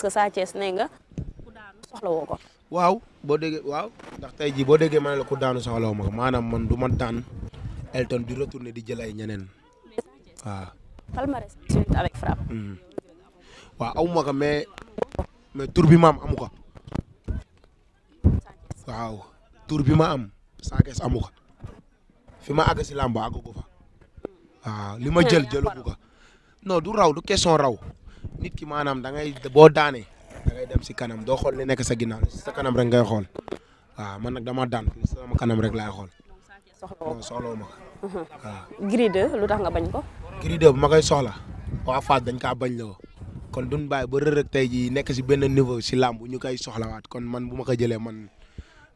parce que Sa Thiès nee nga ku daanu soxla woko waw bo boo waw ndax tay ji bo déggee ma la ku daanu soxla woo manam man duma tan Elton di retourner di jël ay ñeneen waaw ah. palmarès suite avec frappe hmm. wa awuma ko mais mais tour bi ma am amuko waw tour bi ma am Sa kess amuko ko fi ma àgg si làmb ko fa waaw ah, lima jël jël ko non du raw du question raw nit ki maanaam da ngay boo daanee da ngay dem si kanam doo xool li nekk sa si sa kanam rek nga xool waaw man nag dama daan sama kanam rek laay xool. soxla ma ko waaw. Gris 2 lu tax nga bañ ko. Gris bu ma koy soxla waa Fass dañ kaa bañ loo kon duñ bàyyi ba tey jii nekk si benn niveau si làmb ñu koy soxlawaat kon man bu ma ko jëlee man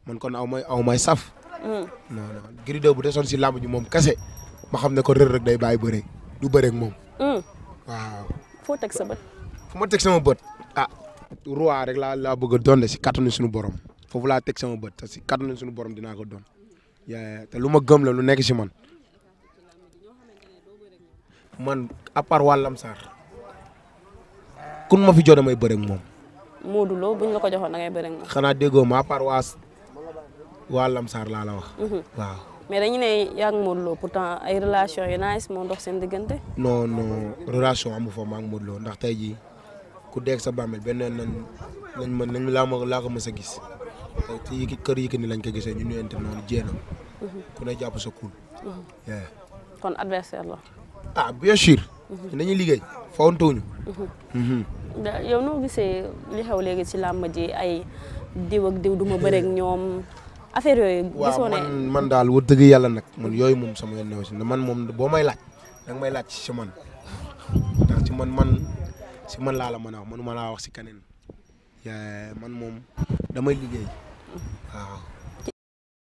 man kon aw may aw may saf. Mm. non bu Gris 2 si làmb ji moom kese ma xam ne ko rërëg day bàyyi bëre du bëre moom. Mm. waaw. sa fu ma teg sama bët ah roi rek laa laa bëgg a doon de si kattanu sunu borom foofu laa teg sama bët te si kattanu suñu borom dinaa ko doon te lu ma gëm la lu nekk si man man à part wàllam saar kun ma fi jot damay bëri ak moom. Modou Lo buñ la ko joxoon da ngay moom. xanaa déggoo ma à part waa wàllam saar laa la wax. Mhm. waaw mais ne yaa ngi Modou Lo pourtant ay relation yi na moo dox seen diggante. non non relation amu fa ma ak Modou Lo ndax tey jii. ku deeg sa bàmmeel beneen nañ nañ ma nañ laa ma laa ko mës a gis ci kër Yékini lañ ko gisee ñu nuyante noonu jéena ku ne jàpp sa kuul. Mhm. kon adversaire la. ah bien sûr. Mhm. nañu liggéey fawantewuñu. Mhm. yow noo gisee li xew léegi ci làmb ji ay diw ak diw du ma bëreeg ñoom affaire yooyu. gisoo ne man man daal wut dëgg yàlla nag man yooyu moom sama yoon ne man moom boo may laaj danga may laaj ci man ndax ci man. si man laa la mën a wax mënuma laa wax si keneen man moom damay liggéey waaw.